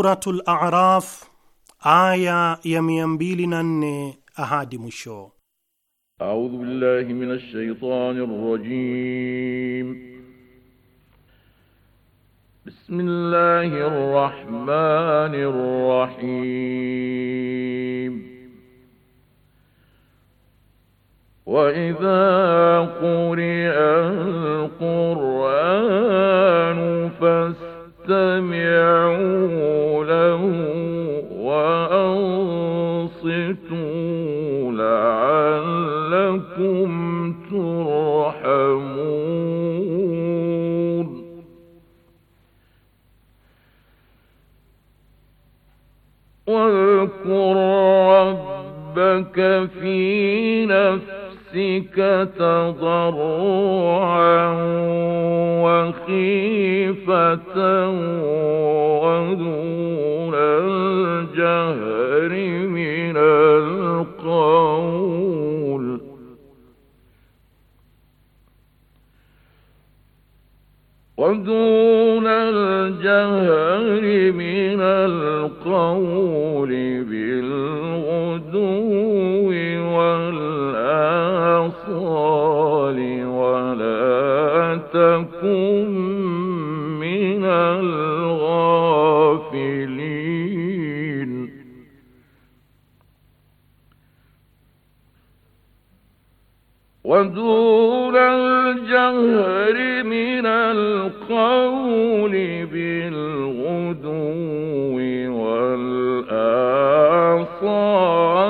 Suratul Araf aya ya mia mbili na nne ahadi mwisho. Audhu billahi minash shaitani rajim. Bismillahir rahmanir rahim. وإذا قرئ فاستمعوا له وأنصتوا لعلكم ترحمون واذكر ربك في نفسك تضرعا وخيفة ودون الجهر من القول ودون الجهر من القول بال الأبصار ولا تكن من الغافلين ودون الجهر من القول بالغدو والآصال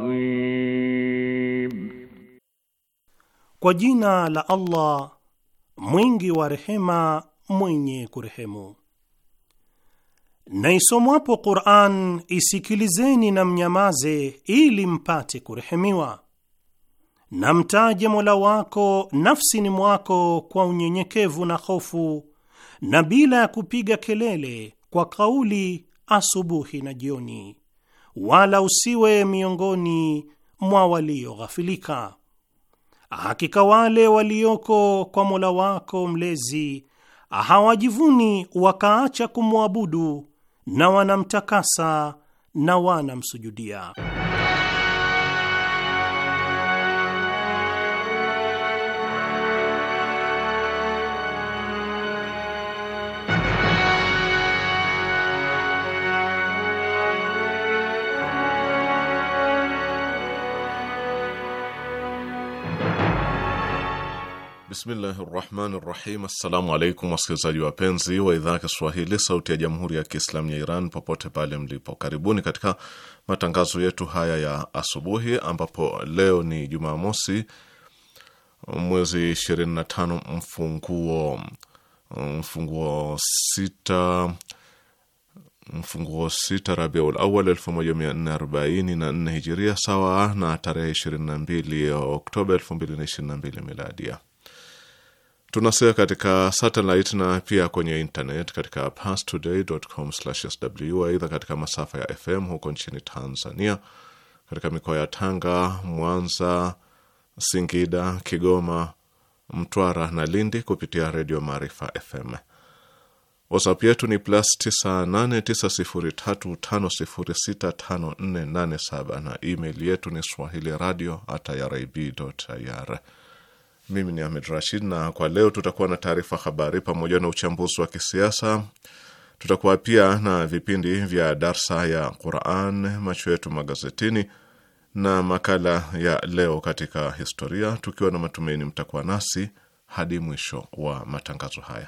Kwa jina la Allah mwingi wa rehema, mwenye kurehemu. Na isomwapo Qur'an isikilizeni na mnyamaze, ili mpate kurehemiwa. Na mtaje Mola wako nafsini mwako kwa unyenyekevu na hofu, na bila ya kupiga kelele, kwa kauli asubuhi na jioni, wala usiwe miongoni mwa walioghafilika. Hakika wale walioko kwa Mola wako mlezi hawajivuni wakaacha kumwabudu na wanamtakasa na wanamsujudia. Bismillahi rahmani rahim. Assalamu alaikum wasikilizaji wapenzi wa idhaa ya Kiswahili sauti ya jamhuri ya Kiislamu ya Iran popote pale mlipo, karibuni katika matangazo yetu haya ya asubuhi, ambapo leo ni Jumamosi mwezi 25 mfunguo mfunguo sita mfunguo sita Rabiul Awal 1444 hijiria sawa na tarehe 22 Oktoba 2022 miladia tunasea katika satelit na pia kwenye internet katika pastoday.com/sw. Aidha, katika masafa ya FM huko nchini Tanzania, katika mikoa ya Tanga, Mwanza, Singida, Kigoma, Mtwara na Lindi kupitia Redio Maarifa FM. WhatsApp yetu ni plus 989035065487 na email yetu ni swahili radio at irib.ir. Mimi ni Ahmed Rashid, na kwa leo tutakuwa na taarifa habari pamoja na uchambuzi wa kisiasa. Tutakuwa pia na vipindi vya darsa ya Quran, macho yetu magazetini na makala ya leo katika historia, tukiwa na matumaini mtakuwa nasi hadi mwisho wa matangazo haya.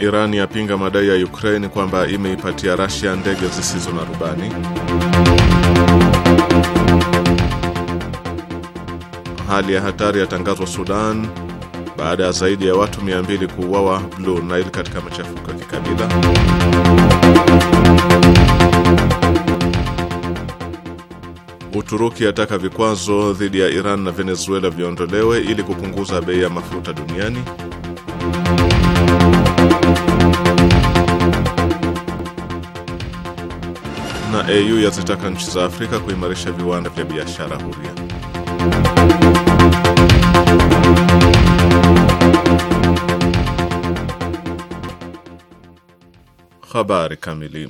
Iran yapinga madai ya Ukraine kwamba imeipatia Russia ndege zisizo na rubani. Hali ya hatari yatangazwa Sudan baada ya zaidi ya watu 200 kuuawa Blue Nile katika machafuko ya kikabila. Uturuki yataka vikwazo dhidi ya Iran na Venezuela viondolewe ili kupunguza bei ya mafuta duniani. na AU yazitaka nchi za Afrika kuimarisha viwanda vya biashara huria. Habari kamili.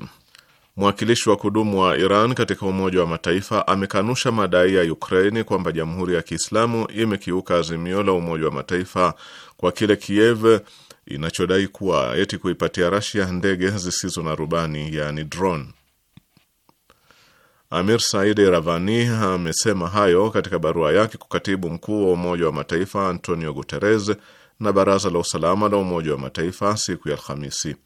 Mwakilishi wa kudumu wa Iran katika Umoja wa Mataifa amekanusha madai ya Ukraini kwamba Jamhuri ya Kiislamu imekiuka azimio la Umoja wa Mataifa kwa kile Kiev inachodai kuwa eti kuipatia Rasia ndege zisizo na rubani, yaani drone. Amir Saidi Ravani amesema hayo katika barua yake kwa katibu mkuu wa Umoja wa Mataifa Antonio Guterres na Baraza la Usalama la Umoja wa Mataifa siku ya Alhamisi.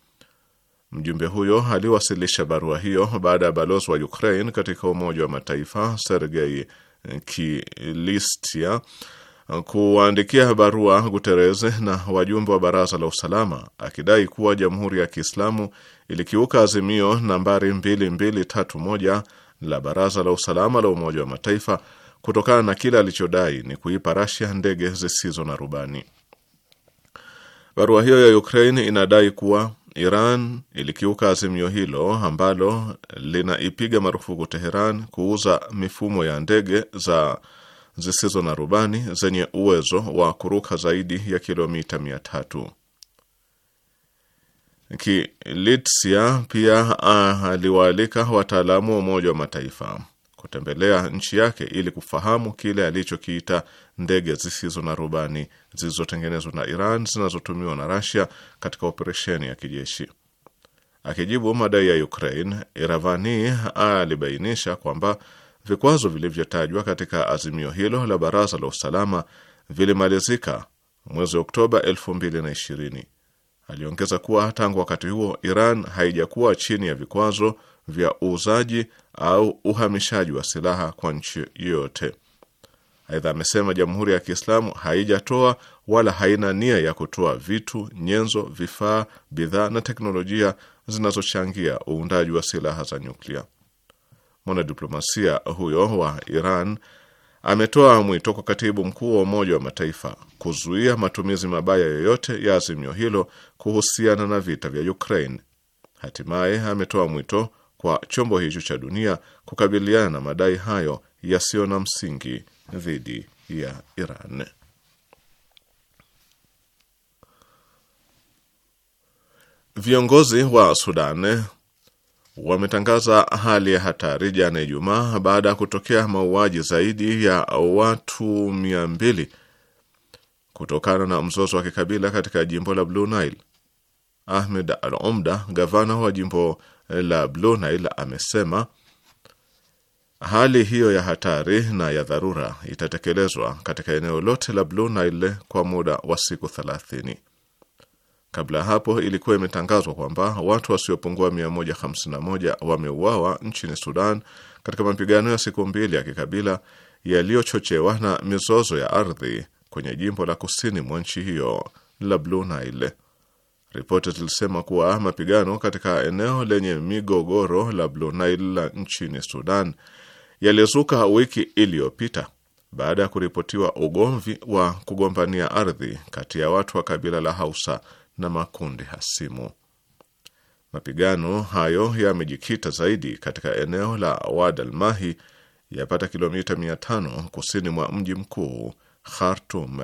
Mjumbe huyo aliwasilisha barua hiyo baada ya balozi wa Ukraine katika Umoja wa Mataifa Sergei Kilistia kuwaandikia barua Guterres na wajumbe wa Baraza la Usalama akidai kuwa Jamhuri ya Kiislamu ilikiuka azimio nambari 2231 la Baraza la Usalama la Umoja wa Mataifa kutokana na kile alichodai ni kuipa Rasia ndege zisizo na rubani. Barua hiyo ya Ukraine inadai kuwa Iran ilikiuka azimio hilo ambalo linaipiga marufuku Teheran kuuza mifumo ya ndege za zisizo na rubani zenye uwezo wa kuruka zaidi ya kilomita mia tatu. Kilitsia pia ah, aliwaalika wataalamu wa Umoja wa Mataifa kutembelea nchi yake ili kufahamu kile alichokiita ndege zisizo na rubani zilizotengenezwa na Iran zinazotumiwa na rasia katika operesheni ya kijeshi. Akijibu madai ya Ukraine, Iravani ah, alibainisha kwamba vikwazo vilivyotajwa katika azimio hilo la Baraza la Usalama vilimalizika mwezi Oktoba Aliongeza kuwa tangu wakati huo Iran haijakuwa chini ya vikwazo vya uuzaji au uhamishaji wa silaha kwa nchi yoyote. Aidha amesema Jamhuri ya Kiislamu haijatoa wala haina nia ya kutoa vitu, nyenzo, vifaa, bidhaa na teknolojia zinazochangia uundaji wa silaha za nyuklia. Mwanadiplomasia huyo wa Iran ametoa mwito kwa katibu mkuu wa Umoja wa Mataifa kuzuia matumizi mabaya yoyote ya azimio hilo kuhusiana na vita vya Ukraine. Hatimaye ametoa mwito kwa chombo hicho cha dunia kukabiliana na madai hayo yasiyo na msingi dhidi ya Iran. Viongozi wa Sudan wametangaza hali ya hatari jana Ijumaa baada ya kutokea mauaji zaidi ya watu mia mbili kutokana na mzozo wa kikabila katika jimbo la Blue Nile. Ahmed Al Omda, gavana wa jimbo la Blue Nile, amesema hali hiyo ya hatari na ya dharura itatekelezwa katika eneo lote la Blue Nile kwa muda wa siku thelathini. Kabla ya hapo ilikuwa imetangazwa kwamba watu wasiopungua 151 wameuawa nchini Sudan katika mapigano ya siku mbili ya kikabila yaliyochochewa na mizozo ya ardhi kwenye jimbo la kusini mwa nchi hiyo la Blue Nile. Ripoti zilisema kuwa mapigano katika eneo lenye migogoro la Blue Nile la nchini Sudan yalizuka wiki iliyopita baada ya kuripotiwa ugomvi wa kugombania ardhi kati ya watu wa kabila la Hausa na makundi hasimu. Mapigano hayo yamejikita zaidi katika eneo la Wad al-Mahi yapata kilomita 500 kusini mwa mji mkuu Khartum.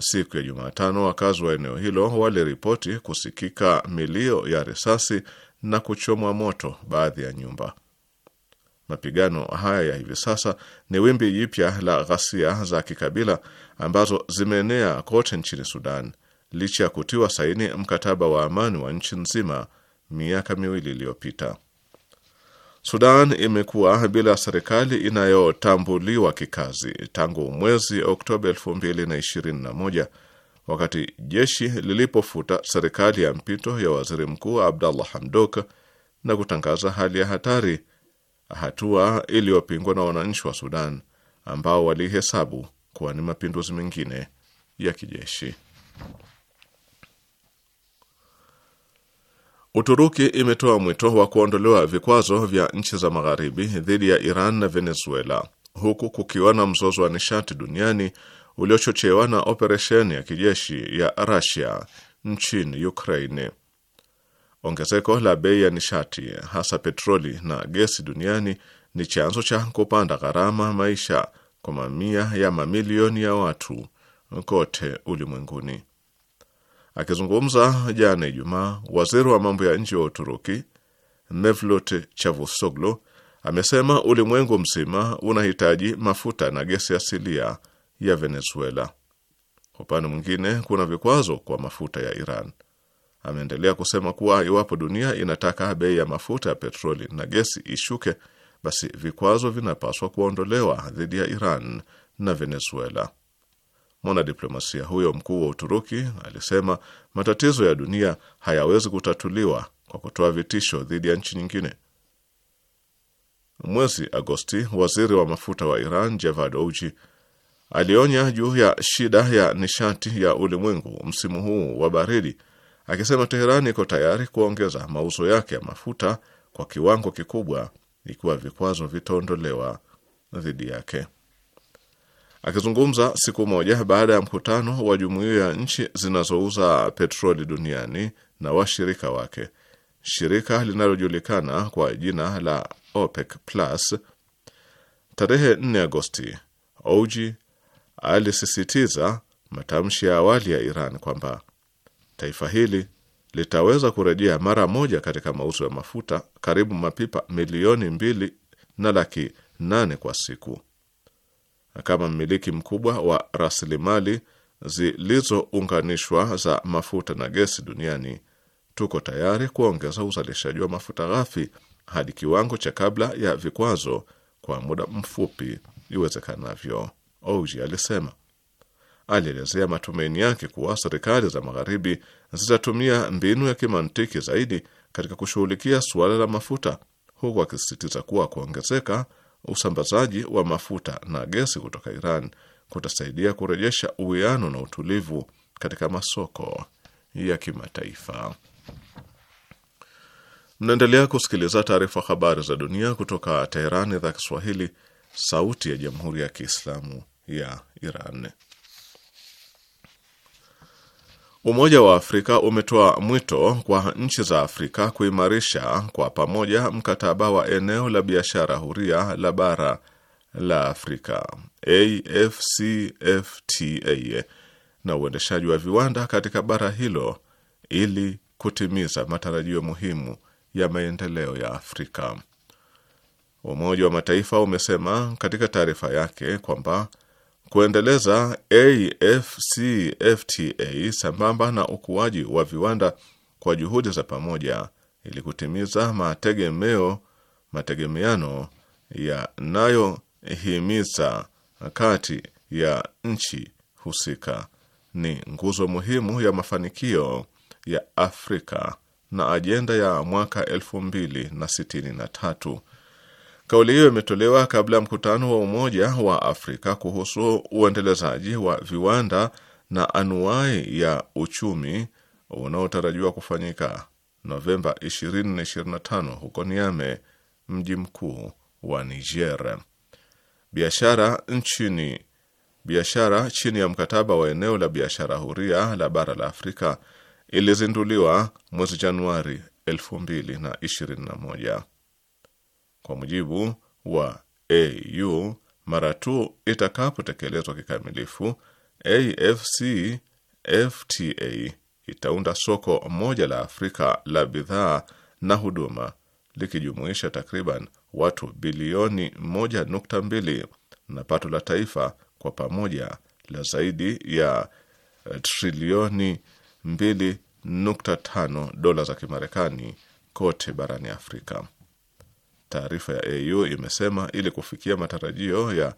Siku ya Jumatano, wakazi wa eneo hilo waliripoti kusikika milio ya risasi na kuchomwa moto baadhi ya nyumba. Mapigano haya ya hivi sasa ni wimbi jipya la ghasia za kikabila ambazo zimeenea kote nchini Sudan licha ya kutiwa saini mkataba wa amani wa nchi nzima miaka miwili iliyopita. Sudan imekuwa bila serikali inayotambuliwa kikazi tangu mwezi Oktoba 2021 wakati jeshi lilipofuta serikali ya mpito ya waziri mkuu Abdallah Hamdok na kutangaza hali ya hatari, hatua iliyopingwa na wananchi wa Sudan ambao walihesabu kuwa ni mapinduzi mengine ya kijeshi. Uturuki imetoa mwito wa kuondolewa vikwazo vya nchi za magharibi dhidi ya Iran na Venezuela, huku kukiwa na mzozo wa nishati duniani uliochochewa na operesheni ya kijeshi ya rasia nchini Ukraine. Ongezeko la bei ya nishati hasa petroli na gesi duniani ni chanzo cha kupanda gharama maisha kwa mamia ya mamilioni ya watu kote ulimwenguni. Akizungumza jana Ijumaa, waziri wa mambo ya nje wa Uturuki Mevlut Chavusoglu amesema ulimwengu mzima unahitaji mafuta na gesi asilia ya Venezuela. kwa Upande mwingine, kuna vikwazo kwa mafuta ya Iran. Ameendelea kusema kuwa iwapo dunia inataka bei ya mafuta ya petroli na gesi ishuke, basi vikwazo vinapaswa kuondolewa dhidi ya Iran na Venezuela. Mwanadiplomasia huyo mkuu wa Uturuki alisema matatizo ya dunia hayawezi kutatuliwa kwa kutoa vitisho dhidi ya nchi nyingine. Mwezi Agosti, waziri wa mafuta wa Iran Javad Ouji alionya juu ya shida ya nishati ya ulimwengu msimu huu wa baridi, akisema Teheran iko tayari kuongeza mauzo yake ya mafuta kwa kiwango kikubwa ikiwa vikwazo vitaondolewa dhidi yake. Akizungumza siku moja baada ya mkutano wa jumuiya ya nchi zinazouza petroli duniani na washirika wake, shirika linalojulikana kwa jina la OPEC Plus, tarehe 4 Agosti, Ouji alisisitiza matamshi ya awali ya Iran kwamba taifa hili litaweza kurejea mara moja katika mauzo ya mafuta karibu mapipa milioni mbili na laki nane kwa siku kama mmiliki mkubwa wa rasilimali zilizounganishwa za mafuta na gesi duniani, tuko tayari kuongeza uzalishaji wa mafuta ghafi hadi kiwango cha kabla ya vikwazo kwa muda mfupi iwezekanavyo, Ouji alisema. Alielezea matumaini yake kuwa serikali za magharibi zitatumia mbinu ya kimantiki zaidi katika kushughulikia suala la mafuta, huku akisisitiza kuwa kuongezeka usambazaji wa mafuta na gesi kutoka Iran kutasaidia kurejesha uwiano na utulivu katika masoko ya kimataifa. Mnaendelea kusikiliza taarifa habari za dunia kutoka Teherani, idhaa Kiswahili, sauti ya jamhuri ya kiislamu ya Iran. Umoja wa Afrika umetoa mwito kwa nchi za Afrika kuimarisha kwa pamoja mkataba wa eneo la biashara huria la bara la Afrika AfCFTA na uendeshaji wa viwanda katika bara hilo ili kutimiza matarajio muhimu ya maendeleo ya Afrika. Umoja wa Mataifa umesema katika taarifa yake kwamba kuendeleza AfCFTA sambamba na ukuaji wa viwanda kwa juhudi za pamoja ili kutimiza mategemeo mategemeano yanayohimiza kati ya nchi husika ni nguzo muhimu ya mafanikio ya Afrika na ajenda ya mwaka elfu mbili na sitini na tatu Kauli hiyo imetolewa kabla ya mkutano wa Umoja wa Afrika kuhusu uendelezaji wa viwanda na anuai ya uchumi unaotarajiwa kufanyika Novemba 20 na 25 huko Niame, mji mkuu wa Niger. Biashara nchini biashara chini ya mkataba wa eneo la biashara huria la bara la Afrika ilizinduliwa mwezi Januari 2021. Kwa mujibu wa AU, mara tu itakapotekelezwa kikamilifu, AFC FTA itaunda soko moja la Afrika la bidhaa na huduma likijumuisha takriban watu bilioni 1.2 na pato la taifa kwa pamoja la zaidi ya trilioni 2.5 dola za Kimarekani kote barani Afrika. Taarifa ya AU imesema ili kufikia matarajio ya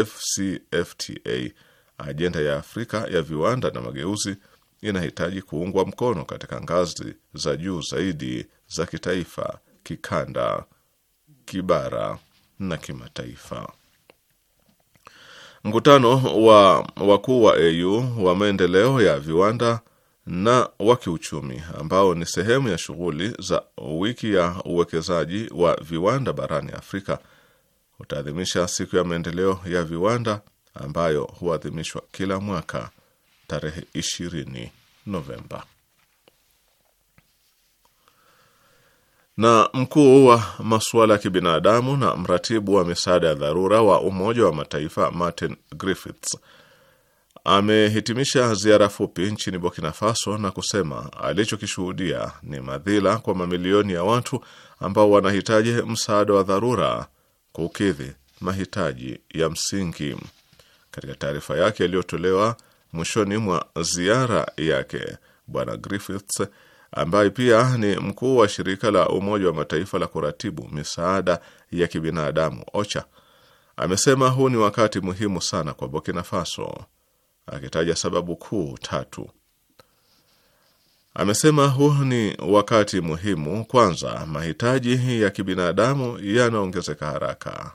AfCFTA, ajenda ya Afrika ya viwanda na mageuzi inahitaji kuungwa mkono katika ngazi za juu zaidi za kitaifa, kikanda, kibara na kimataifa. Mkutano wa wakuu wa AU wa maendeleo ya viwanda na wa kiuchumi ambao ni sehemu ya shughuli za wiki ya uwekezaji wa viwanda barani Afrika utaadhimisha siku ya maendeleo ya viwanda ambayo huadhimishwa kila mwaka tarehe 20 Novemba. Na mkuu wa masuala ya kibinadamu na mratibu wa misaada ya dharura wa Umoja wa Mataifa Martin Griffiths amehitimisha ziara fupi nchini Burkina Faso na kusema alichokishuhudia ni madhila kwa mamilioni ya watu ambao wanahitaji msaada wa dharura kukidhi mahitaji ya msingi. Katika taarifa yake iliyotolewa mwishoni mwa ziara yake, Bwana Griffiths ambaye pia ni mkuu wa shirika la Umoja wa Mataifa la kuratibu misaada ya kibinadamu OCHA amesema huu ni wakati muhimu sana kwa Burkina Faso akitaja sababu kuu tatu. Amesema huu ni wakati muhimu. Kwanza, mahitaji ya kibinadamu yanaongezeka haraka.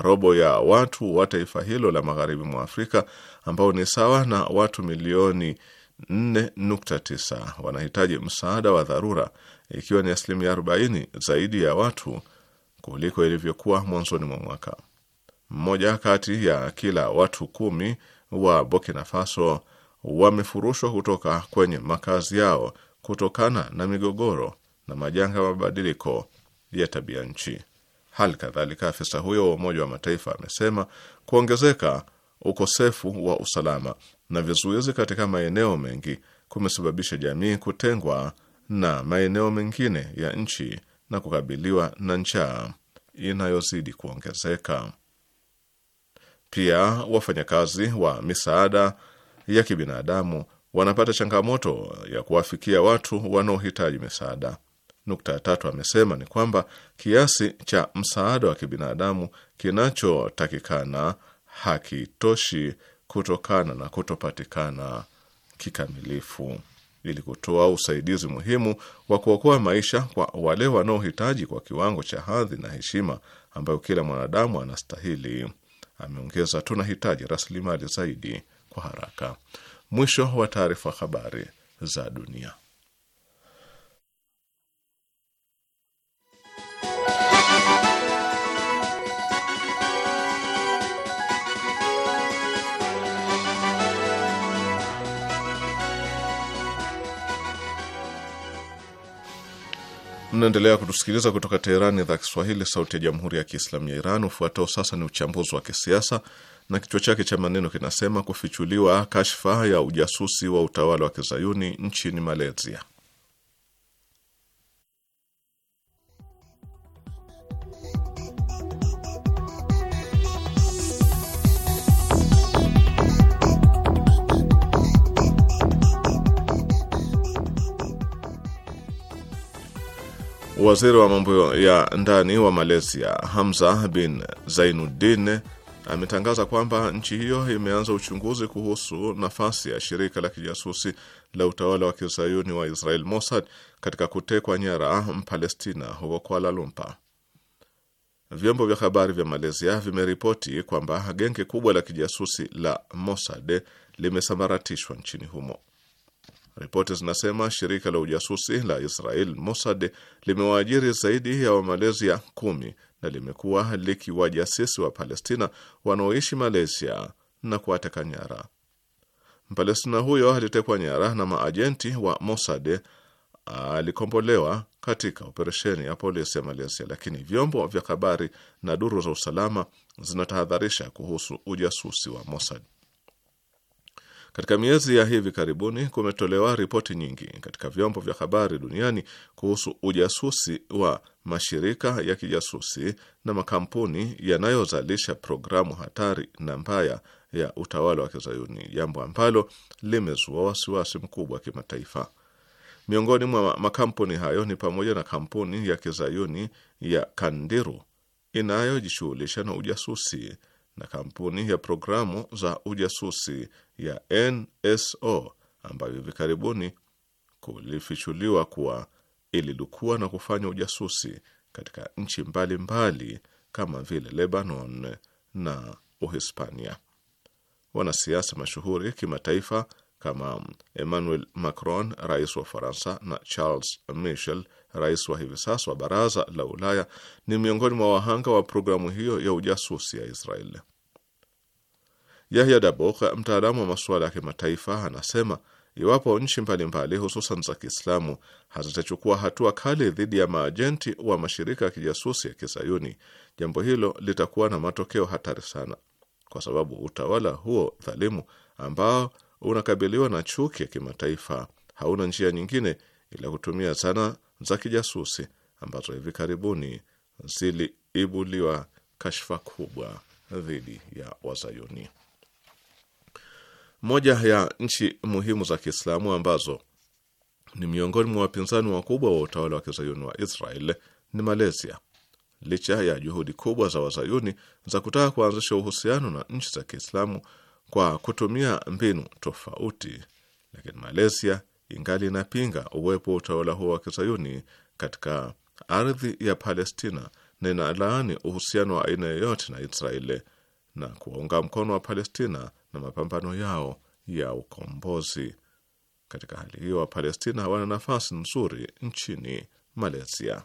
Robo ya watu wa taifa hilo la magharibi mwa Afrika, ambao ni sawa na watu milioni 4.9 wanahitaji msaada wa dharura, ikiwa ni asilimia 40 zaidi ya watu kuliko ilivyokuwa mwanzoni mwa mwaka. Mmoja kati ya kila watu kumi wa Burkina Faso wamefurushwa kutoka kwenye makazi yao kutokana na migogoro na majanga ya mabadiliko ya tabia nchi. Hali kadhalika, afisa huyo wa Umoja wa Mataifa amesema kuongezeka ukosefu wa usalama na vizuizi katika maeneo mengi kumesababisha jamii kutengwa na maeneo mengine ya nchi na kukabiliwa na njaa inayozidi kuongezeka. Pia wafanyakazi wa misaada ya kibinadamu wanapata changamoto ya kuwafikia watu wanaohitaji misaada. Nukta ya tatu amesema ni kwamba kiasi cha msaada wa kibinadamu kinachotakikana hakitoshi kutokana na kutopatikana kikamilifu ili kutoa usaidizi muhimu wa kuokoa maisha kwa wale wanaohitaji kwa kiwango cha hadhi na heshima ambayo kila mwanadamu anastahili. Ameongeza, tunahitaji rasilimali zaidi kwa haraka. Mwisho wa taarifa. Habari za dunia. Mnaendelea kutusikiliza kutoka Teherani, idhaa Kiswahili, sauti ya jamhuri ya kiislamu ya Iran. Ufuatao sasa ni uchambuzi wa kisiasa na kichwa chake cha maneno kinasema kufichuliwa kashfa ya ujasusi wa utawala wa kizayuni nchini Malaysia. Waziri wa mambo ya ndani wa Malaysia Hamza bin Zainuddin ametangaza kwamba nchi hiyo imeanza uchunguzi kuhusu nafasi ya shirika la kijasusi la utawala wa kizayuni wa Israel Mossad katika kutekwa nyara Mpalestina huko Kuala Lumpur. Vyombo vya habari vya Malaysia vimeripoti kwamba genge kubwa la kijasusi la Mossad limesambaratishwa nchini humo. Ripoti zinasema shirika la ujasusi la Israel Mossad limewaajiri zaidi ya Wamalezia kumi na limekuwa likiwajasisi wa Palestina wanaoishi Malaysia na kuwateka nyara. Mpalestina huyo alitekwa nyara na maajenti wa Mossad alikombolewa katika operesheni ya polisi ya Malaysia, lakini vyombo vya habari na duru za usalama zinatahadharisha kuhusu ujasusi wa Mossad. Katika miezi ya hivi karibuni kumetolewa ripoti nyingi katika vyombo vya habari duniani kuhusu ujasusi wa mashirika ya kijasusi na makampuni yanayozalisha programu hatari na mbaya ya utawala wa Kizayuni, jambo ambalo limezua wasiwasi mkubwa wa kimataifa. Miongoni mwa makampuni hayo ni pamoja na kampuni ya Kizayuni ya Kandiru inayojishughulisha na ujasusi na kampuni ya programu za ujasusi ya NSO ambayo hivi karibuni kulifichuliwa kuwa ilidukua na kufanya ujasusi katika nchi mbalimbali kama vile Lebanon na Uhispania. Wanasiasa mashuhuri kimataifa kama Emmanuel Macron, rais wa Faransa, na Charles Michel, rais wa hivi sasa wa Baraza la Ulaya, ni miongoni mwa wahanga wa programu hiyo ya ujasusi ya israel Yahya Dabok, mtaalamu wa masuala ya kimataifa, anasema iwapo nchi mbalimbali hususan za Kiislamu hazitachukua hatua kali dhidi ya maajenti wa mashirika ya kijasusi ya Kizayuni, jambo hilo litakuwa na matokeo hatari sana, kwa sababu utawala huo dhalimu ambao unakabiliwa na chuki ya kimataifa hauna njia nyingine ila kutumia zana za kijasusi ambazo hivi karibuni ziliibuliwa kashfa kubwa dhidi ya Wazayuni. Moja ya nchi muhimu za Kiislamu ambazo ni miongoni mwa wapinzani wakubwa wa utawala wa kizayuni wa Israel ni Malaysia. Licha ya juhudi kubwa za wazayuni za kutaka kuanzisha uhusiano na nchi za Kiislamu kwa kutumia mbinu tofauti, lakini Malaysia ingali inapinga uwepo wa utawala huo wa kizayuni katika ardhi ya Palestina na inalaani uhusiano wa aina yoyote na Israeli na kuwaunga mkono wa Palestina na mapambano yao ya ukombozi. Katika hali hiyo, Wapalestina hawana nafasi nzuri nchini Malaysia.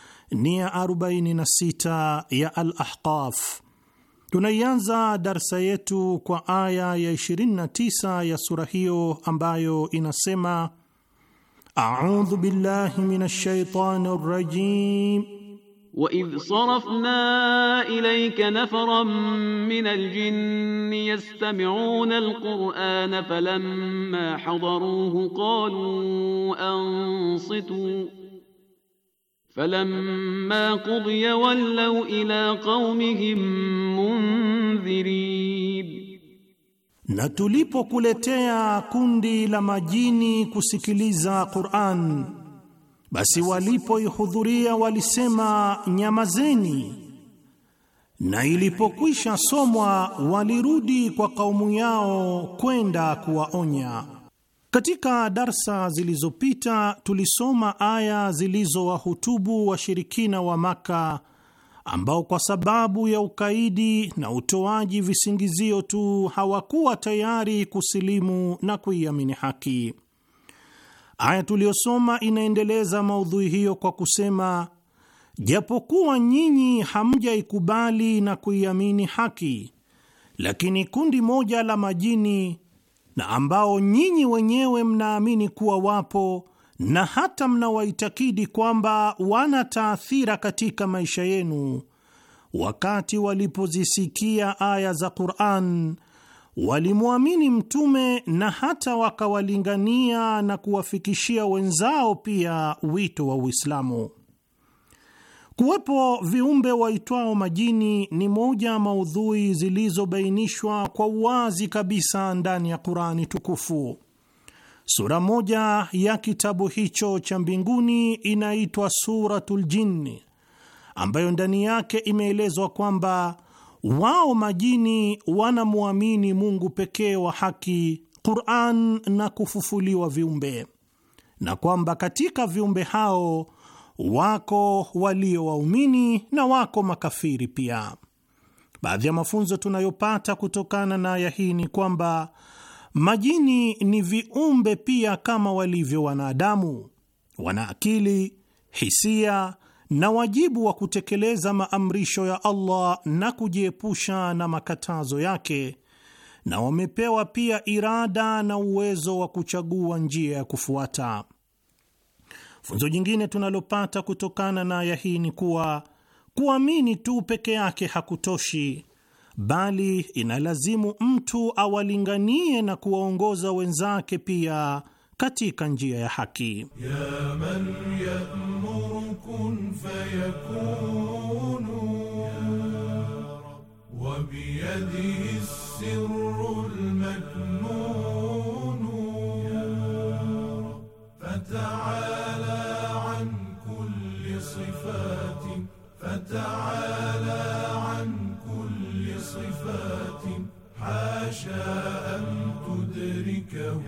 nia 46 ya Al-Ahqaf. Tunaianza darsa yetu kwa aya ya 29 ya sura hiyo ambayo inasema: audhu billahi minash shaitani rajim وإذ صرفنا إليك نفرا من الجن يستمعون القرآن فلما حضروه قالوا أنصتوا Falamma qudiya wallaw ila qaumihim mundhirin, na tulipokuletea kundi la majini kusikiliza Qur'an, basi walipoihudhuria walisema nyamazeni, na ilipokwisha somwa walirudi kwa kaumu yao kwenda kuwaonya. Katika darsa zilizopita tulisoma aya zilizowahutubu washirikina wa Maka ambao kwa sababu ya ukaidi na utoaji visingizio tu hawakuwa tayari kusilimu na kuiamini haki. Aya tuliyosoma inaendeleza maudhui hiyo kwa kusema, japokuwa nyinyi hamjaikubali na kuiamini haki, lakini kundi moja la majini na ambao nyinyi wenyewe mnaamini kuwa wapo na hata mnawaitakidi kwamba wana taathira katika maisha yenu, wakati walipozisikia aya za Qur'an walimwamini Mtume na hata wakawalingania na kuwafikishia wenzao pia wito wa Uislamu. Kuwepo viumbe waitwao majini ni moja maudhui zilizobainishwa kwa uwazi kabisa ndani ya qurani tukufu. Sura moja ya kitabu hicho cha mbinguni inaitwa Suratul Jinni, ambayo ndani yake imeelezwa kwamba wao majini wanamwamini Mungu pekee wa haki, Quran na kufufuliwa viumbe, na kwamba katika viumbe hao wako walio waumini na wako makafiri pia. Baadhi ya mafunzo tunayopata kutokana na aya hii ni kwamba majini ni viumbe pia kama walivyo wanadamu, wana akili, hisia na wajibu wa kutekeleza maamrisho ya Allah na kujiepusha na makatazo yake, na wamepewa pia irada na uwezo wa kuchagua njia ya kufuata. Funzo jingine tunalopata kutokana na aya hii ni kuwa kuamini tu peke yake hakutoshi, bali inalazimu mtu awalinganie na kuwaongoza wenzake pia katika njia ya haki ya man تعالى عن كل صفات حاشا أن تدركه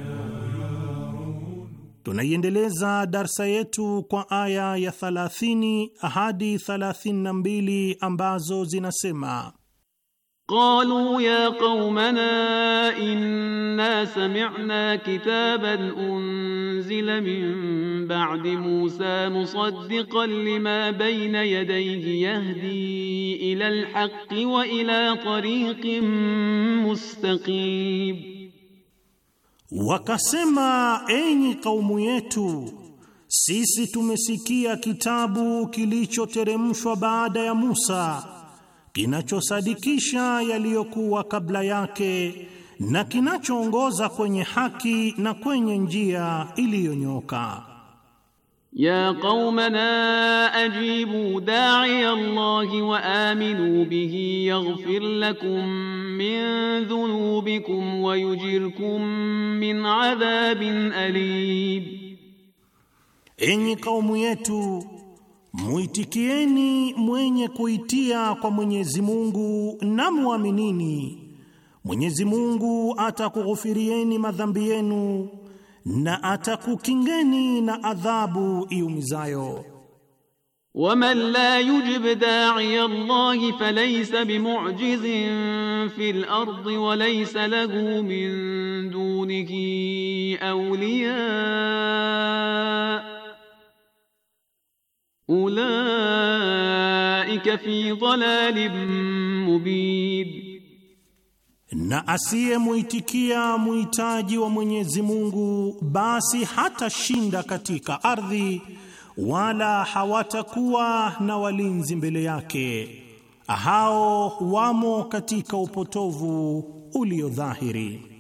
Tunaiendeleza darsa yetu kwa aya ya 30 hadi 32 ambazo zinasema قالوا يا قومنا إنا سمعنا كتابا أنزل من بعد موسى مصدقا لما بين يديه يهدي إلى الحق وإلى طريق مستقيم أين قوم يتو سيسي تمسكي tumesikia كليشو ترمشو بعد يا مُوسَى kinachosadikisha yaliyokuwa kabla yake na kinachoongoza kwenye haki na kwenye njia iliyonyoka Ya qaumana ajibu da'i Allah wa aminu bihi yaghfir lakum min dhunubikum wa yujirkum min adhabin alim, enyi kaumu yetu Muitikieni mwenye kuitia kwa Mwenyezi Mungu na muaminini. Mwenyezi Mungu atakughufirieni madhambi yenu na atakukingeni na adhabu iumizayo. Waman la yujib da'i Allah falaysa bimu'jizin fil ardi wa laysa lahu min dunihi awliya ulaika fi dhalalin mubin, na asiyemuitikia muhitaji wa Mwenyezi Mungu basi hatashinda katika ardhi wala hawatakuwa na walinzi mbele yake. Hao wamo katika upotovu ulio dhahiri.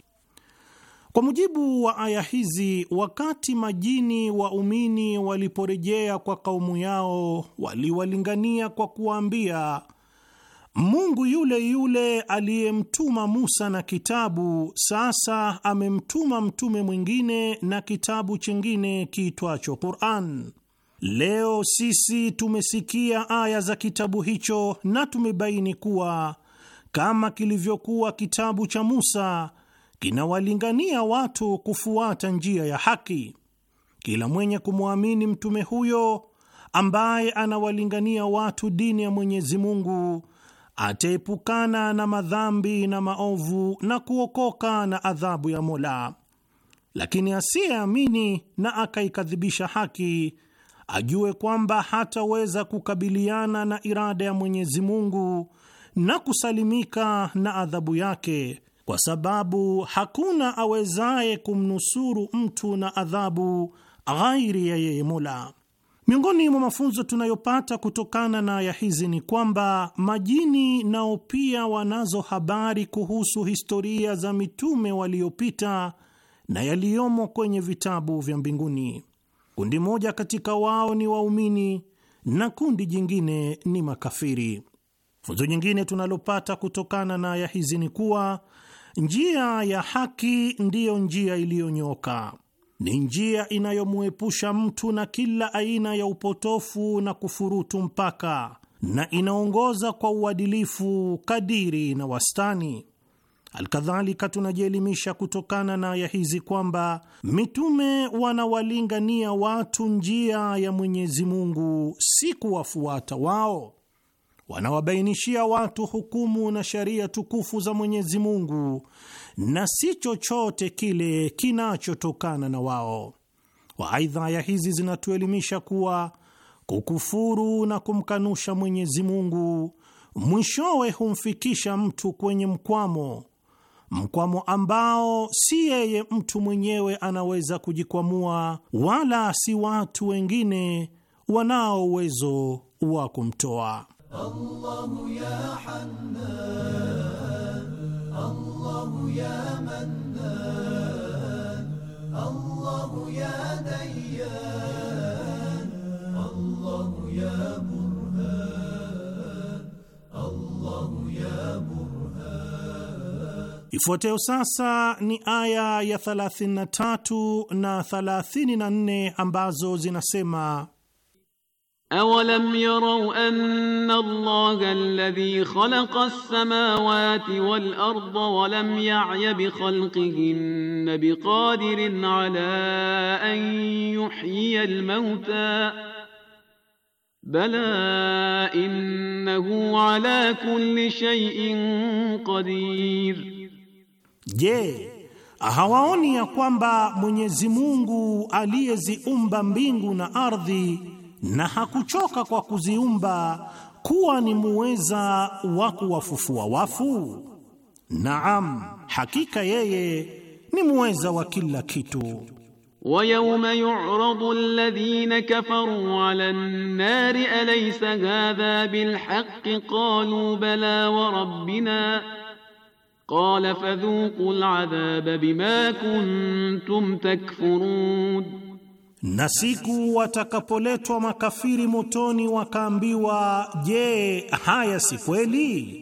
Kwa mujibu wa aya hizi, wakati majini waumini waliporejea kwa kaumu yao, waliwalingania kwa kuwaambia, Mungu yule yule aliyemtuma Musa na kitabu, sasa amemtuma mtume mwingine na kitabu chingine kiitwacho Qur'an. Leo sisi tumesikia aya za kitabu hicho na tumebaini kuwa kama kilivyokuwa kitabu cha Musa kinawalingania watu kufuata njia ya haki. Kila mwenye kumwamini mtume huyo ambaye anawalingania watu dini ya Mwenyezi Mungu ataepukana na madhambi na maovu na kuokoka na adhabu ya Mola. Lakini asiyeamini na akaikadhibisha haki ajue kwamba hataweza kukabiliana na irada ya Mwenyezi Mungu na kusalimika na adhabu yake kwa sababu hakuna awezaye kumnusuru mtu na adhabu ghairi ya yeye Mola. Miongoni mwa mafunzo tunayopata kutokana na aya hizi ni kwamba majini nao pia wanazo habari kuhusu historia za mitume waliopita na yaliyomo kwenye vitabu vya mbinguni. Kundi moja katika wao ni waumini na kundi jingine ni makafiri. Funzo jingine tunalopata kutokana na aya hizi ni kuwa Njia ya haki ndiyo njia iliyonyoka, ni njia inayomwepusha mtu na kila aina ya upotofu na kufurutu mpaka, na inaongoza kwa uadilifu kadiri na wastani. Alkadhalika, tunajielimisha kutokana na aya hizi kwamba mitume wanawalingania watu njia ya Mwenyezi Mungu, si kuwafuata wao wanawabainishia watu hukumu na sheria tukufu za Mwenyezi Mungu na si chochote kile kinachotokana na wao. Waaidha, aya hizi zinatuelimisha kuwa kukufuru na kumkanusha Mwenyezi Mungu mwishowe humfikisha mtu kwenye mkwamo, mkwamo ambao si yeye mtu mwenyewe anaweza kujikwamua wala si watu wengine wanao uwezo wa kumtoa. الله يا حنان الله يا منان الله يا ديان الله يا برهان الله يا برهان Ifuatayo sasa ni aya ya 33 na 34 ambazo zinasema أولم يروا أن الله الذي خلق السماوات والأرض ولم يعي بخلقهن بقادر على أن يحيي الموتى بلى إنه على كل شيء قدير Je, hawaoni ya kwamba Mwenyezi Mungu aliyeziumba mbingu na ardhi na hakuchoka kwa kuziumba kuwa ni muweza wa kuwafufua wafu? Naam, hakika yeye ni muweza wa kila kitu. ويوم يعرض الذين كفروا على النار أليس هذا بالحق قالوا بلى وربنا قال فذوقوا العذاب بما كنتم تكفرون Na siku watakapoletwa makafiri motoni, wakaambiwa, je, haya si kweli?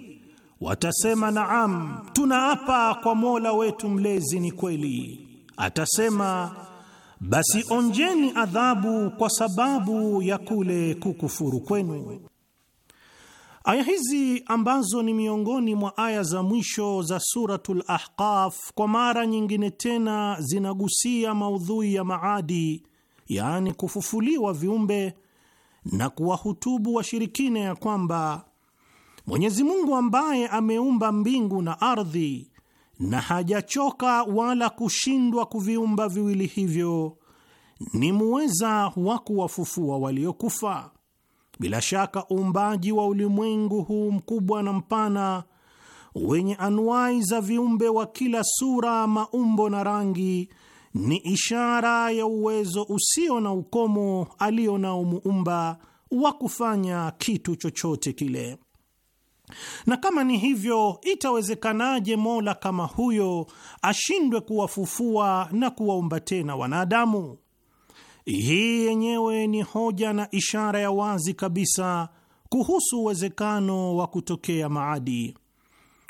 Watasema, naam, tunaapa kwa Mola wetu mlezi, ni kweli. Atasema, basi onjeni adhabu kwa sababu ya kule kukufuru kwenu. Aya hizi ambazo ni miongoni mwa aya za mwisho za Suratul Ahqaf, kwa mara nyingine tena zinagusia maudhui ya maadi yaani kufufuliwa viumbe, na kuwahutubu washirikina ya kwamba Mwenyezi Mungu ambaye ameumba mbingu na ardhi na hajachoka wala kushindwa kuviumba viwili hivyo ni muweza wa kuwafufua waliokufa. Bila shaka uumbaji wa ulimwengu huu mkubwa na mpana wenye anuwai za viumbe wa kila sura, maumbo na rangi ni ishara ya uwezo usio na ukomo aliyo nao muumba wa kufanya kitu chochote kile. Na kama ni hivyo, itawezekanaje Mola kama huyo ashindwe kuwafufua na kuwaumba tena wanadamu? Hii yenyewe ni hoja na ishara ya wazi kabisa kuhusu uwezekano wa kutokea maadi.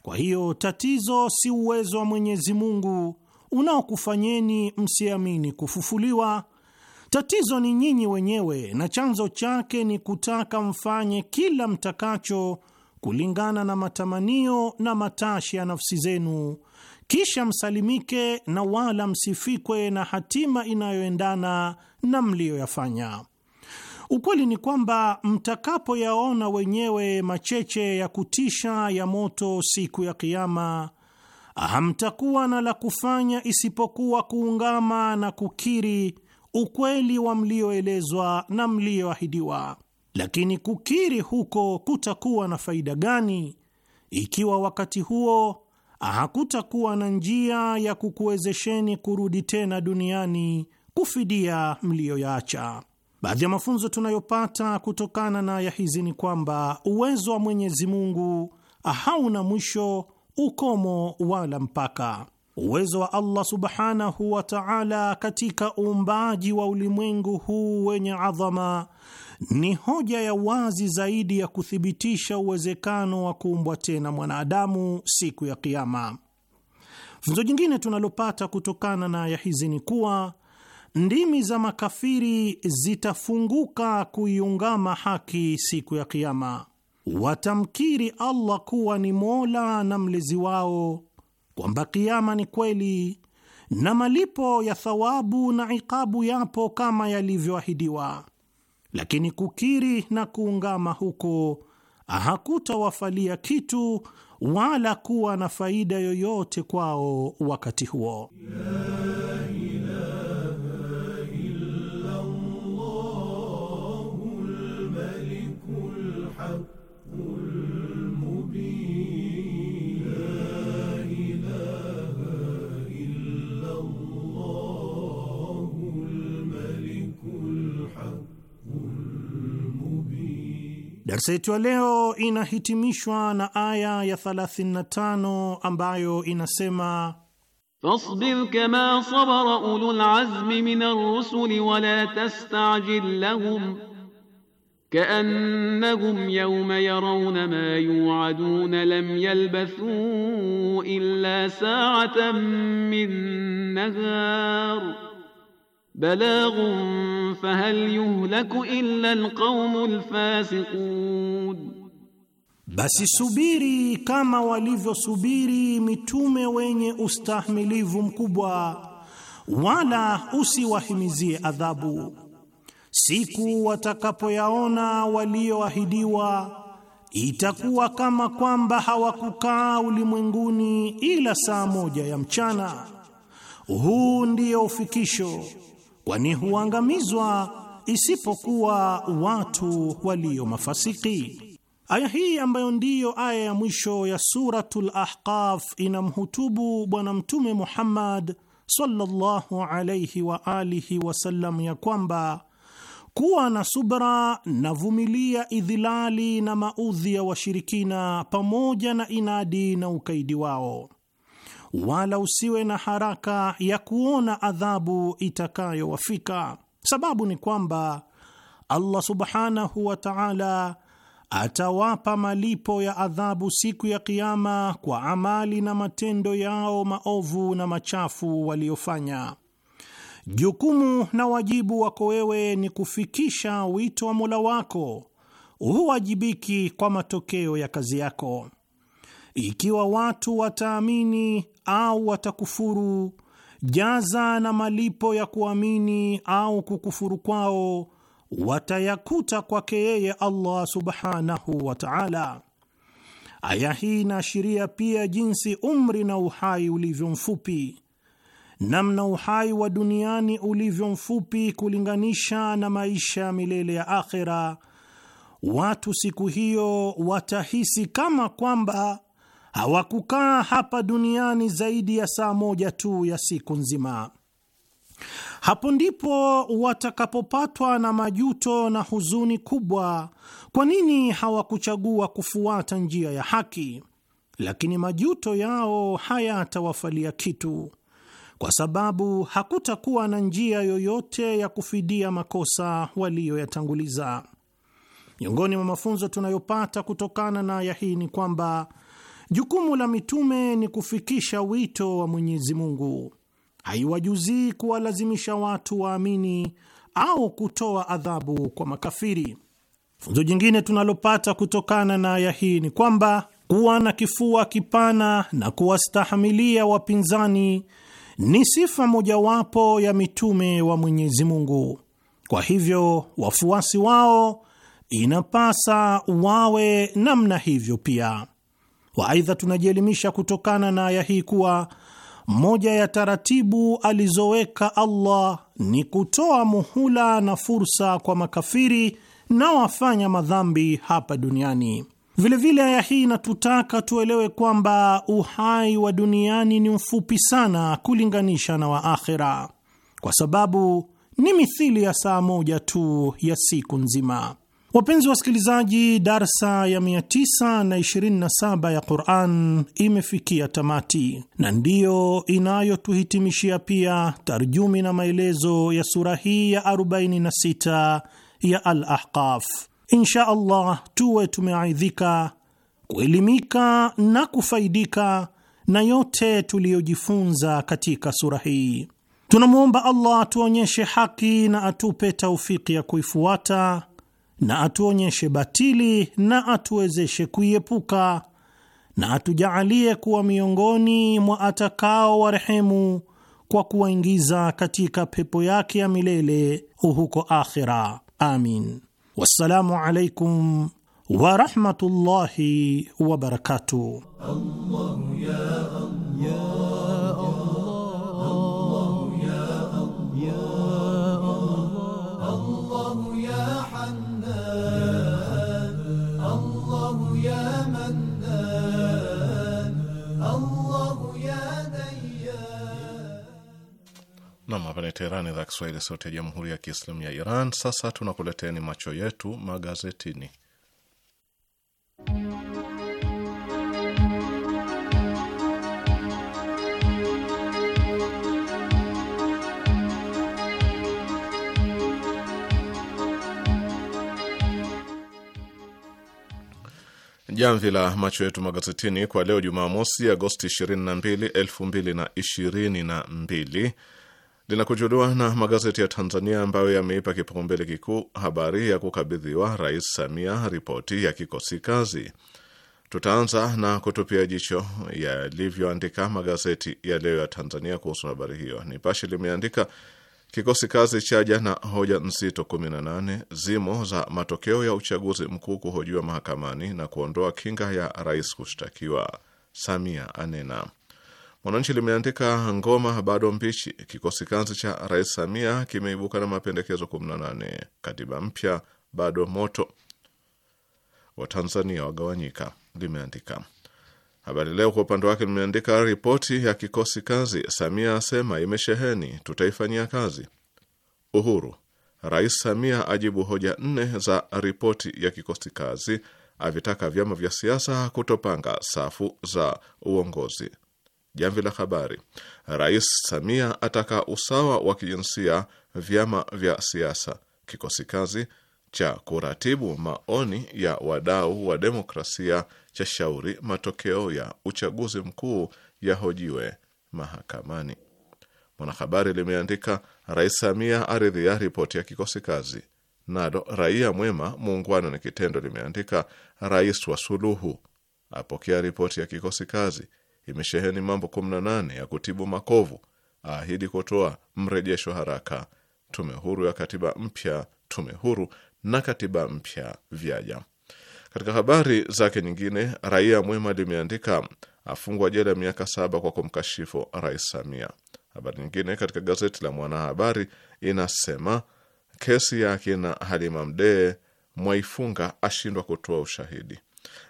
Kwa hiyo tatizo si uwezo wa Mwenyezi Mungu unaokufanyeni msiamini kufufuliwa. Tatizo ni nyinyi wenyewe, na chanzo chake ni kutaka mfanye kila mtakacho kulingana na matamanio na matashi ya nafsi zenu, kisha msalimike na wala msifikwe na hatima inayoendana na mliyoyafanya. Ukweli ni kwamba mtakapoyaona wenyewe macheche ya kutisha ya moto siku ya Kiama, hamtakuwa na la kufanya isipokuwa kuungama na kukiri ukweli wa mlioelezwa na mlioahidiwa. Lakini kukiri huko kutakuwa na faida gani ikiwa wakati huo hakutakuwa na njia ya kukuwezesheni kurudi tena duniani kufidia mliyoyaacha? Baadhi ya mafunzo tunayopata kutokana na aya hizi ni kwamba uwezo wa Mwenyezi Mungu hauna mwisho ukomo wala mpaka. Uwezo wa Allah subhanahu wa ta'ala katika uumbaji wa ulimwengu huu wenye adhama ni hoja ya wazi zaidi ya kuthibitisha uwezekano wa kuumbwa tena mwanadamu siku ya Kiyama. Funzo jingine tunalopata kutokana na aya hizi ni kuwa ndimi za makafiri zitafunguka kuiungama haki siku ya Kiyama watamkiri Allah kuwa ni Mola na mlezi wao, kwamba kiama ni kweli na malipo ya thawabu na ikabu yapo kama yalivyoahidiwa, lakini kukiri na kuungama huko hakutawafalia kitu wala kuwa na faida yoyote kwao wakati huo. yeah. Darsa yetu ya leo inahitimishwa na aya ya 35 ambayo inasema Fasbir kama sabara ulul azmi minar rusuli wala tastajil lahum kaannahum yawma yarawna ma yu'aduna lam yalbathu illa sa'atan min nahar balaghun fahal yuhlaku illa alqaumul fasiqun, basi subiri kama walivyosubiri mitume wenye ustahimilivu mkubwa, wala usiwahimizie adhabu. Siku watakapoyaona walioahidiwa itakuwa kama kwamba hawakukaa ulimwenguni ila saa moja ya mchana. Huu ndiyo ufikisho kwani huangamizwa isipokuwa watu walio mafasiki. Aya hii ambayo ndiyo aya ya mwisho ya Suratul Ahqaf inamhutubu Bwana Mtume Muhammad sallallahu alayhi wa alihi wasallam ya kwamba kuwa na subra na vumilia idhilali na maudhi ya washirikina pamoja na inadi na ukaidi wao wala usiwe na haraka ya kuona adhabu itakayowafika. Sababu ni kwamba Allah subhanahu wa taala atawapa malipo ya adhabu siku ya Kiama kwa amali na matendo yao maovu na machafu waliofanya. Jukumu na wajibu wako wewe ni kufikisha wito wa Mola wako, huwajibiki kwa matokeo ya kazi yako. Ikiwa watu wataamini au watakufuru, jaza na malipo ya kuamini au kukufuru kwao watayakuta kwake yeye Allah subhanahu wa ta'ala. Aya hii inaashiria pia jinsi umri na uhai ulivyo mfupi, namna uhai wa duniani ulivyo mfupi kulinganisha na maisha ya milele ya akhera. Watu siku hiyo watahisi kama kwamba hawakukaa hapa duniani zaidi ya saa moja tu ya siku nzima. Hapo ndipo watakapopatwa na majuto na huzuni kubwa, kwa nini hawakuchagua kufuata njia ya haki. Lakini majuto yao hayatawafalia kitu, kwa sababu hakutakuwa na njia yoyote ya kufidia makosa waliyoyatanguliza. Miongoni mwa mafunzo tunayopata kutokana na aya hii ni kwamba Jukumu la mitume ni kufikisha wito wa Mwenyezi Mungu, haiwajuzii kuwalazimisha watu waamini au kutoa adhabu kwa makafiri. Funzo jingine tunalopata kutokana na aya hii ni kwamba kuwa na kifua kipana na kuwastahamilia wapinzani ni sifa mojawapo ya mitume wa Mwenyezi Mungu. Kwa hivyo wafuasi wao inapasa wawe namna hivyo pia wa. Aidha, tunajielimisha kutokana na aya hii kuwa moja ya taratibu alizoweka Allah ni kutoa muhula na fursa kwa makafiri na wafanya madhambi hapa duniani. Vilevile aya hii inatutaka tuelewe kwamba uhai wa duniani ni mfupi sana kulinganisha na wa kwa sababu ni mithili ya saa moja tu ya siku nzima. Wapenzi wasikilizaji, darsa ya 927 ya Quran imefikia tamati na ndiyo inayotuhitimishia pia tarjumi na maelezo ya sura hii ya 46 ya Al-Ahqaf. Insha Allah tuwe tumeaidhika, kuelimika na kufaidika na yote tuliyojifunza katika sura hii. Tunamwomba Allah atuonyeshe haki na atupe taufiki ya kuifuata na atuonyeshe batili na atuwezeshe kuiepuka na atujaalie kuwa miongoni mwa atakao warehemu kwa kuwaingiza katika pepo yake ya milele huko akhira. Amin. Wassalamu alaikum warahmatullahi wabarakatuh. Allah ya Allah. Nam, hapa ni Teherani, idhaa Kiswahili, sauti ya jamhuri ya kiislamu ya Iran. Sasa tunakuleteni macho yetu magazetini. Jamvi la macho yetu magazetini kwa leo Jumamosi, Agosti 22, 2022 linakujuliwa na magazeti ya Tanzania ambayo yameipa kipaumbele kikuu habari ya kukabidhiwa Rais Samia ripoti ya kikosi kazi. Tutaanza na kutupia jicho yalivyoandika magazeti ya leo ya Tanzania kuhusu habari hiyo. Nipashe limeandika kikosi kazi chaja na hoja nzito 18 zimo za matokeo ya uchaguzi mkuu kuhojiwa mahakamani na kuondoa kinga ya rais kushtakiwa. Samia anena Mwananchi limeandika ngoma bado mbichi, kikosi kazi cha Rais Samia kimeibuka na mapendekezo 18, katiba mpya bado moto, watanzania wagawanyika, limeandika Habari Leo kwa upande wake limeandika ripoti ya kikosi kazi, Samia asema imesheheni, tutaifanyia kazi. Uhuru, Rais Samia ajibu hoja nne za ripoti ya kikosi kazi, avitaka vyama vya siasa kutopanga safu za uongozi. Jamvi la Habari: Rais Samia ataka usawa wa kijinsia vyama vya siasa. Kikosi kazi cha kuratibu maoni ya wadau wa demokrasia cha shauri matokeo ya uchaguzi mkuu yahojiwe mahakamani. Mwanahabari limeandika Rais Samia aridhia ripoti ya kikosi kazi. Nalo Raia Mwema muungwana ni kitendo limeandika Rais wa Suluhu apokea ripoti ya kikosi kazi imesheheni mambo 18 ya kutibu makovu, aahidi kutoa mrejesho haraka, tume huru ya katiba mpya, tume huru na katiba mpya vyaja. Katika habari zake nyingine, Raia Mwema limeandika afungwa jela miaka saba kwa kumkashifu Rais Samia. Habari nyingine katika gazeti la Mwanahabari inasema kesi yake na Halima Mdee, Mwaifunga ashindwa kutoa ushahidi.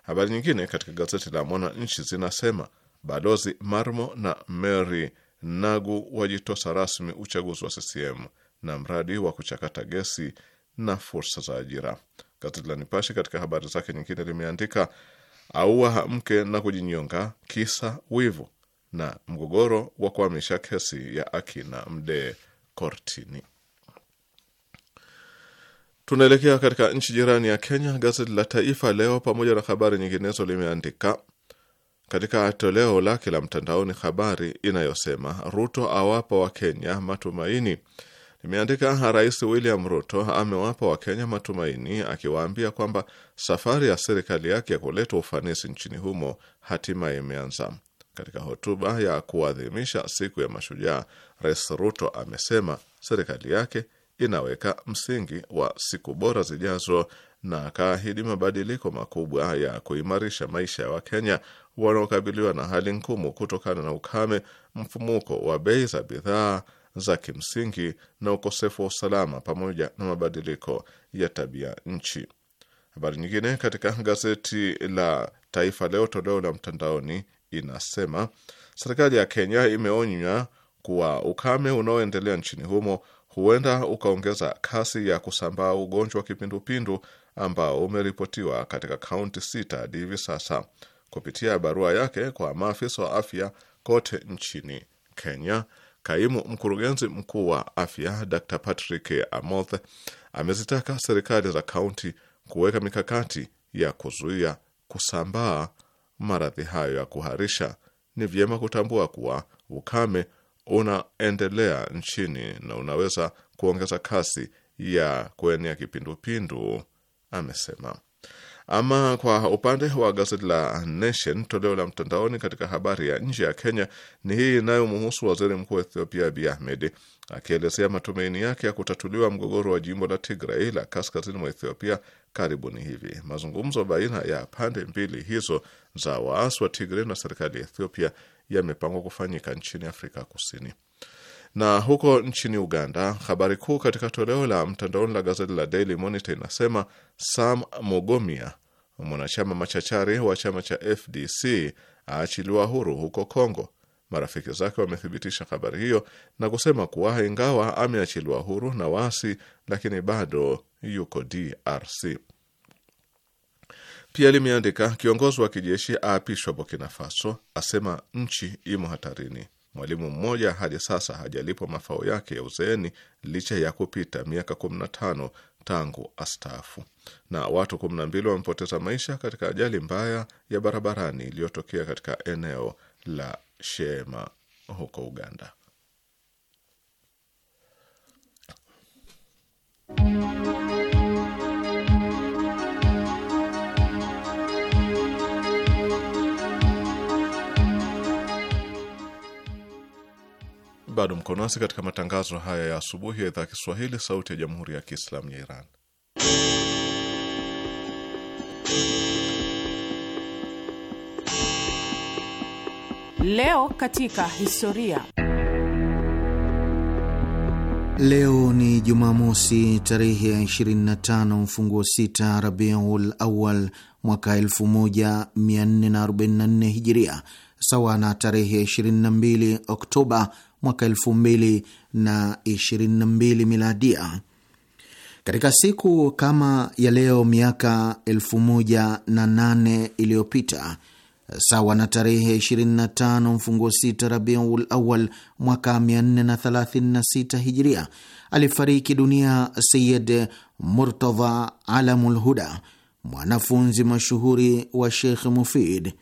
Habari nyingine katika gazeti la Mwananchi zinasema Balozi Marmo na Mary Nagu wajitosa rasmi uchaguzi wa CCM na mradi wa kuchakata gesi na fursa za ajira. Gazeti la Nipashe katika habari zake nyingine limeandika aua mke na kujinyonga kisa wivu, na mgogoro wa kuhamisha kesi ya akina Mdee kortini. Tunaelekea katika nchi jirani ya Kenya. Gazeti la Taifa Leo pamoja na habari nyinginezo limeandika katika toleo lake la mtandaoni habari inayosema Ruto awapa Wakenya matumaini. imeandika Rais William Ruto amewapa Wakenya matumaini, akiwaambia kwamba safari ya serikali yake ya kuleta ufanisi nchini humo hatimaye imeanza. Katika hotuba ya kuadhimisha siku ya Mashujaa, Rais Ruto amesema serikali yake inaweka msingi wa siku bora zijazo na akaahidi mabadiliko makubwa ya kuimarisha maisha ya Wakenya wanaokabiliwa na hali ngumu kutokana na ukame, mfumuko wa bei za bidhaa za kimsingi na ukosefu wa usalama pamoja na mabadiliko ya tabia nchi. Habari nyingine katika gazeti la Taifa Leo toleo la mtandaoni inasema serikali ya Kenya imeonywa kuwa ukame unaoendelea nchini humo huenda ukaongeza kasi ya kusambaa ugonjwa wa kipindupindu ambao umeripotiwa katika kaunti sita hadi hivi sasa kupitia barua yake kwa maafisa wa afya kote nchini Kenya. Kaimu mkurugenzi mkuu wa afya Dr Patrick Amoth amezitaka serikali za kaunti kuweka mikakati ya kuzuia kusambaa maradhi hayo ya kuharisha. Ni vyema kutambua kuwa ukame unaendelea nchini na unaweza kuongeza kasi ya kuenea kipindupindu amesema. Ama kwa upande wa gazeti la Nation toleo la mtandaoni, katika habari ya nje ya Kenya ni hii inayomhusu waziri mkuu wa Ethiopia Abiy Ahmed akielezea matumaini yake ya kutatuliwa mgogoro wa jimbo la Tigray la kaskazini mwa Ethiopia karibuni hivi. Mazungumzo baina ya pande mbili hizo za waasi wa Tigray na serikali ya Ethiopia yamepangwa kufanyika nchini Afrika Kusini. Na huko nchini Uganda, habari kuu katika toleo la mtandaoni la gazeti la Daily Monitor inasema Sam Mogomia, mwanachama machachari wa chama cha FDC, aachiliwa huru huko Kongo. Marafiki zake wamethibitisha habari hiyo na kusema kuwa ingawa ameachiliwa huru na waasi, lakini bado yuko DRC. Pia limeandika kiongozi wa kijeshi aapishwa Burkina Faso, asema nchi imo hatarini. Mwalimu mmoja hadi sasa hajalipwa mafao yake ya uzeeni licha ya kupita miaka 15 tangu astaafu. Na watu 12 wamepoteza maisha katika ajali mbaya ya barabarani iliyotokea katika eneo la Shema huko Uganda. bado mko nasi katika matangazo haya ya asubuhi ya idhaa Kiswahili, sauti ya jamhuri ya kiislamu ya Iran. Leo katika historia. Leo ni Jumamosi tarehe ya 25 mfunguo 6 Rabiul Awal mwaka 1444 Hijiria, sawa na tarehe 22 Oktoba mwaka mbili miladia. Katika siku kama ya leo miaka nane iliyopita sawa na tarehe 25 mfungo 6 Rabiul Awal mwaka 436 Hijria, alifariki dunia Sayid Murtadha Alamul Huda, mwanafunzi mashuhuri wa Sheikh Mufid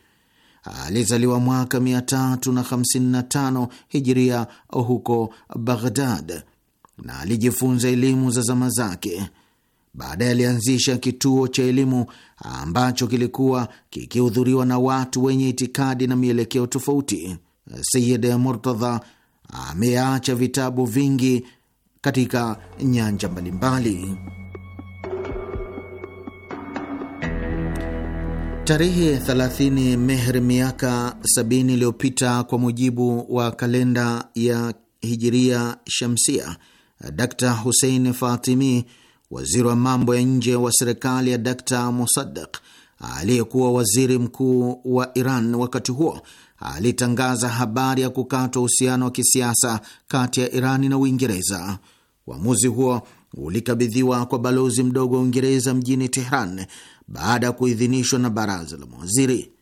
alizaliwa mwaka 355 hijiria huko Baghdad na alijifunza elimu za zama zake. Baadaye alianzisha kituo cha elimu ambacho kilikuwa kikihudhuriwa na watu wenye itikadi na mielekeo tofauti. Sayid Murtadha ameacha vitabu vingi katika nyanja mbalimbali. Tarehe 30 Mehr miaka 70 iliyopita kwa mujibu wa kalenda ya Hijiria Shamsia, d Hussein Fatimi, waziri wa mambo ya nje wa serikali ya d Mosaddeq aliyekuwa waziri mkuu wa Iran wakati huo, alitangaza habari ya kukatwa uhusiano wa kisiasa kati ya Irani na Uingereza. Uamuzi huo ulikabidhiwa kwa balozi mdogo wa Uingereza mjini Tehran baada ya kuidhinishwa na baraza la mawaziri.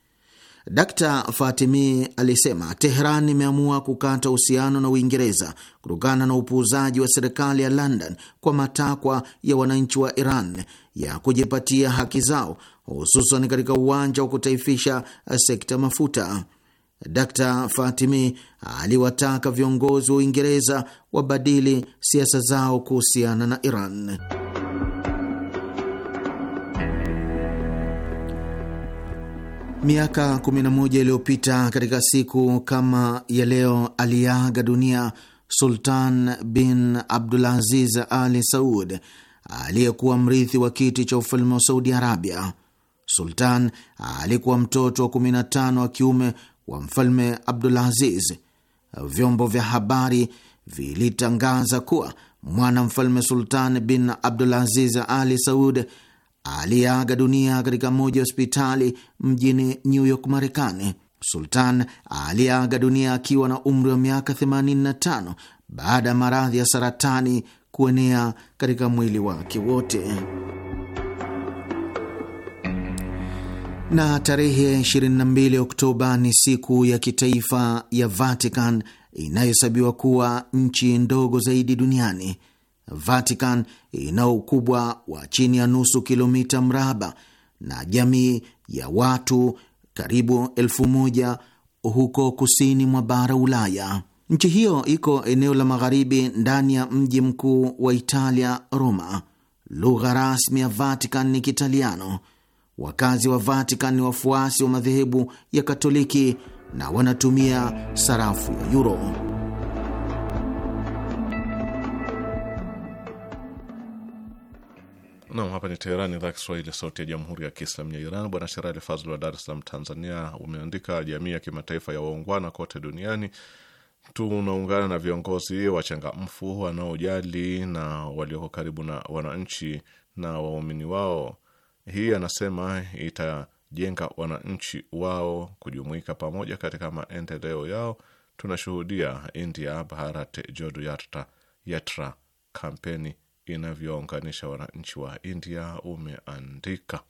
Dkt Fatimi alisema Tehran imeamua kukata uhusiano na Uingereza kutokana na upuuzaji wa serikali ya London kwa matakwa ya wananchi wa Iran ya kujipatia haki zao, hususan katika uwanja wa kutaifisha sekta mafuta. Dkt Fatimi aliwataka viongozi wa Uingereza wabadili siasa zao kuhusiana na Iran. Miaka 11 iliyopita katika siku kama ya leo aliaga dunia Sultan bin Abdulaziz Ali Saud aliyekuwa mrithi wa kiti cha ufalme wa Saudi Arabia. Sultan alikuwa mtoto wa 15 wa kiume wa mfalme Abdulaziz. Vyombo vya habari vilitangaza kuwa mwana mfalme Sultan bin Abdulaziz Ali Saud aliyeaga dunia katika moja ya hospitali mjini New York, Marekani. Sultan aliyeaga dunia akiwa na umri wa miaka 85 baada ya maradhi ya saratani kuenea katika mwili wake wote. Na tarehe 22 Oktoba ni siku ya kitaifa ya Vatican inayohesabiwa kuwa nchi ndogo zaidi duniani. Vatican ina ukubwa wa chini ya nusu kilomita mraba na jamii ya watu karibu elfu moja huko kusini mwa bara Ulaya. Nchi hiyo iko eneo la magharibi ndani ya mji mkuu wa Italia, Roma. Lugha rasmi ya Vatican ni Kitaliano. Wakazi wa Vatican ni wafuasi wa madhehebu ya Katoliki na wanatumia sarafu ya yuro. Nam, hapa ni Teherani, idhaa Kiswahili, sauti ya jamhuri ya kiislamu ya Iran. Bwana Sherali Fazl wa Dar es Salaam, Tanzania, umeandika jamii ya kimataifa ya waungwana kote duniani tunaungana na viongozi wachangamfu wanaojali na walioko karibu na wananchi na waumini wao. Hii anasema itajenga wananchi wao kujumuika pamoja katika maendeleo yao. Tunashuhudia India Bharat Jodo Yatra, Yatra kampeni inavyounganisha wananchi wa India umeandika.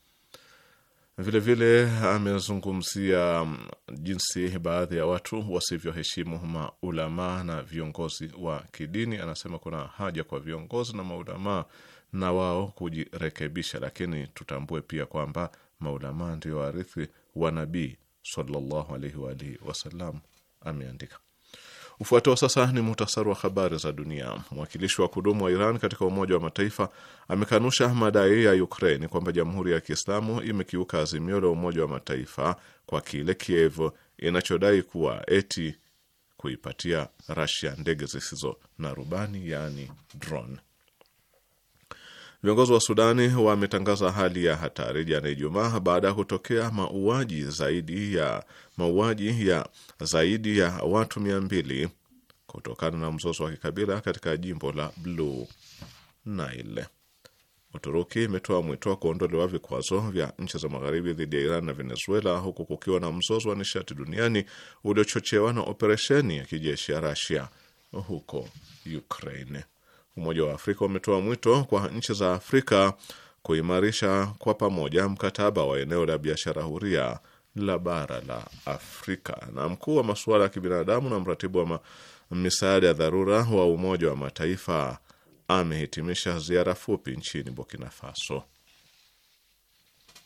Vilevile amezungumzia jinsi baadhi ya watu wasivyoheshimu maulamaa na viongozi wa kidini. Anasema kuna haja kwa viongozi na maulamaa na wao kujirekebisha, lakini tutambue pia kwamba maulamaa ndio warithi wa Nabii sallallahu alaihi wa alihi wasallam, ameandika. Ufuatao sasa ni muhtasari wa habari za dunia. Mwakilishi wa kudumu wa Iran katika Umoja wa Mataifa amekanusha madai ya Ukraine kwamba Jamhuri ya Kiislamu imekiuka azimio la Umoja wa Mataifa kwa kile Kiev inachodai kuwa eti kuipatia rasia ndege zisizo na rubani, yaani drone. Viongozi wa Sudani wametangaza hali ya hatari jana Ijumaa baada ya kutokea mauaji zaidi ya mauaji ya zaidi ya watu mia mbili kutokana na mzozo wa kikabila katika jimbo la Blue Nile. Uturuki imetoa mwito wa kuondolewa vikwazo vya nchi za magharibi dhidi ya Iran na Venezuela, huku kukiwa na mzozo wa nishati duniani uliochochewa na operesheni ya kijeshi ya Rasia huko Ukraine. Umoja wa Afrika umetoa mwito kwa nchi za Afrika kuimarisha kwa pamoja mkataba wa eneo la biashara huria la bara la Afrika. Na mkuu wa masuala ya kibinadamu na mratibu wa misaada ya dharura wa Umoja wa Mataifa amehitimisha ziara fupi nchini Burkina Faso